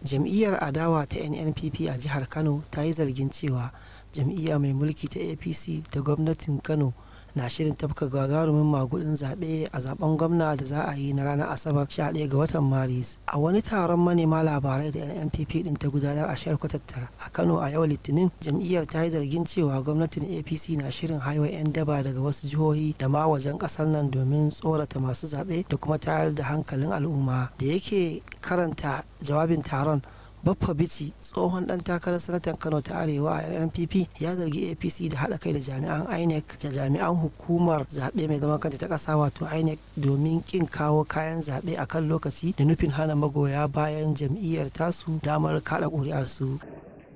jam'iyyar adawa ta nnpp a jihar kano ta yi zargin cewa jam'iyya mai mulki ta apc da gwamnatin kano na shirin tafka gagarumin magudin zaɓe a zaben gwamna da za a yi na ranar asabar 11 ga watan maris a wani taron manema labarai da NNPP din ta gudanar a shar kwatatta a kano a yau litinin jam'iyyar ta yi zargin cewa gwamnatin apc na shirin haiwa 'yan daba daga wasu jihohi da ma wajen ƙasar nan domin tsorata masu zaɓe da kuma tayar da hankalin al'umma da yake karanta jawabin taron Baffa Bici tsohon ɗan takarar sanatan Kano ta Arewa a NPP ya zargi APC da haɗa kai da jami'an INEC da jami'an hukumar zaɓe mai zaman kanta ta ƙasa wato INEC domin ƙin kawo kayan zaɓe a kan lokaci da nufin hana magoya bayan jam'iyyar tasu damar kaɗa ƙuri'arsu.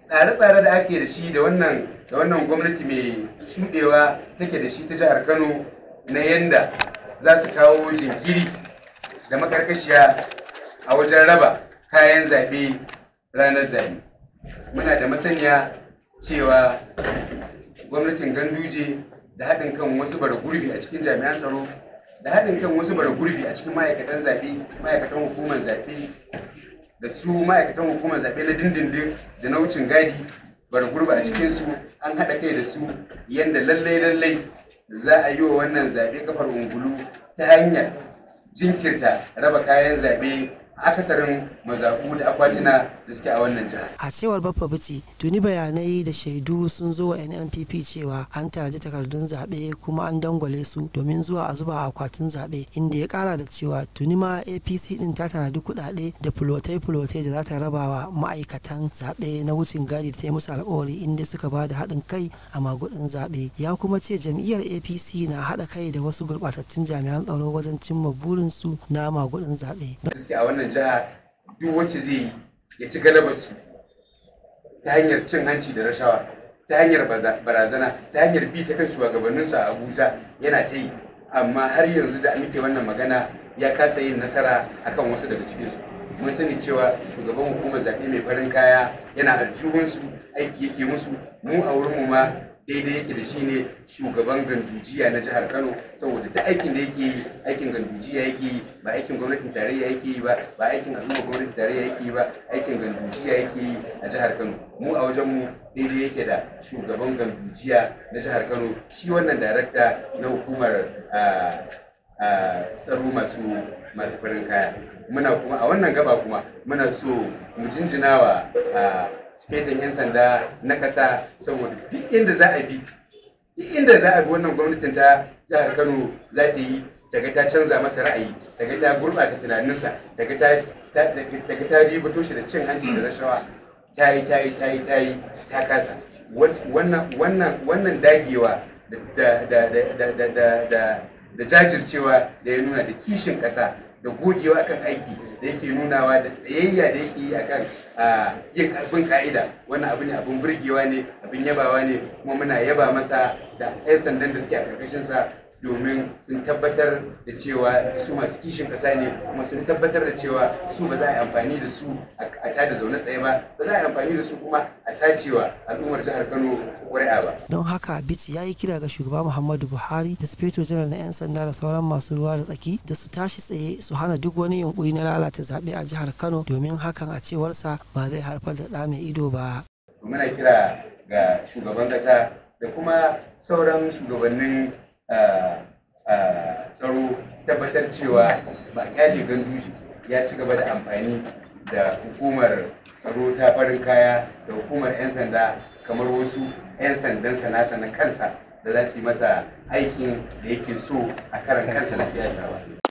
Tsare-tsare da ake da shi da wannan da wannan gwamnati mai shuɗewa take da shi ta jihar Kano na yanda za su kawo jinkiri da makarkashiya a wajen raba kayan zaɓe ranar zane muna da masaniya cewa gwamnatin ganduje da haɗin kan wasu bara gurbi a cikin jami'an tsaro da haɗin kan wasu bara gurbi a cikin ma'aikatan zaɓe ma'aikatan hukumar zaɓe da su ma'aikatan hukumar zaɓe na dindindin da na wucin gadi bara gurbi a cikin su an haɗa kai da su yadda lallai lallai za a yi wa wannan zaɓe kafar ungulu ta hanyar jinkirta raba kayan zaɓe akasarin mazaku da akwatuna da suke a wannan jihar. A cewar Baffa Bici, tuni bayanai da shaidu sun zo wa NNPP cewa an taraji takardun zaɓe kuma an dangwale su domin zuwa a zuba akwatin zaɓe inda ya ƙara da cewa tuni ma APC din ta tanadi kuɗaɗe da fulotai-fulotai da za ta raba wa ma'aikatan zaɓe na wucin gadi da ta yi musu alƙawari inda suka ba da haɗin kai a magudin zaɓe. Ya kuma ce jam'iyyar APC na haɗa kai da wasu gurɓatattun jami'an tsaro wajen cimma burinsu na magudin zaɓe. wannan jiha duk wacce zai yi ya ci galaba su ta hanyar cin hanci da rashawa ta hanyar barazana ta hanyar bi ta kan shugabanninsu a abuja yana ta yi amma har yanzu da muke wannan magana ya kasa yin nasara akan wasu daga cikinsu mun sani cewa shugaban hukumar zaɓe mai farin kaya yana aljihunsu aiki yake musu mu a wurinmu ma daidai yake da shi ne shugaban gandujiya na jihar kano saboda duk aikin da yake yi aikin gandujiya yake yi ba aikin gwamnatin tarayya yake yi ba ba aikin al'umma gwamnatin tarayya yake yi ba aikin gandujiya yake yi a jihar kano mu a wajen mu daidai yake da shugaban gandujiya na jihar kano shi wannan darakta na hukumar tsaro masu masu farin kaya muna kuma a wannan gaba kuma muna so mu jinjinawa sifetan yan sanda na kasa saboda duk inda za a bi duk inda za a bi wannan gwamnatin ta jihar kano za ta yi daga ta canza masa ra'ayi daga ta gurɓata tunaninsa daga ta daga ta da cin hanci da rashawa ta yi ta yi ta yi ta yi ta kasa wannan wannan wannan dagewa da da da da da da jajircewa da ya nuna da kishin ƙasa da gogewa akan aiki da yake nunawa da tsayayya da yake yi akan yin karfin ka'ida wannan abu ne abin burgewa ne abin yabawa ne kuma muna yaba masa da 'yan sandan da suke a karkashinsa domin sun tabbatar da cewa su masu kishin kasa ne kuma sun tabbatar da cewa su ba za a yi amfani da su a tada zaune tsaye ba ba za a yi amfani da su kuma a sacewa al'ummar jihar Kano ƙuri'a ba. Don haka Bits ya yi kira ga shugaba Muhammadu Buhari da Sufeto Janar na 'yan sanda da sauran masu ruwa da tsaki da su tashi tsaye su hana duk wani yunkuri na lalata zaɓe a jihar Kano domin hakan a cewarsa ba zai haifar da ɗa mai ido ba. Muna kira ga shugaban ƙasa da kuma sauran shugabannin tsaro tabbatar cewa ba yaji ganduji ya ci gaba da amfani da hukumar tsaro ta farin kaya da hukumar 'yan sanda kamar wasu 'yan sandan sana-sana kansa da za su yi masa aikin da yake so a karan kansa na siyasa ba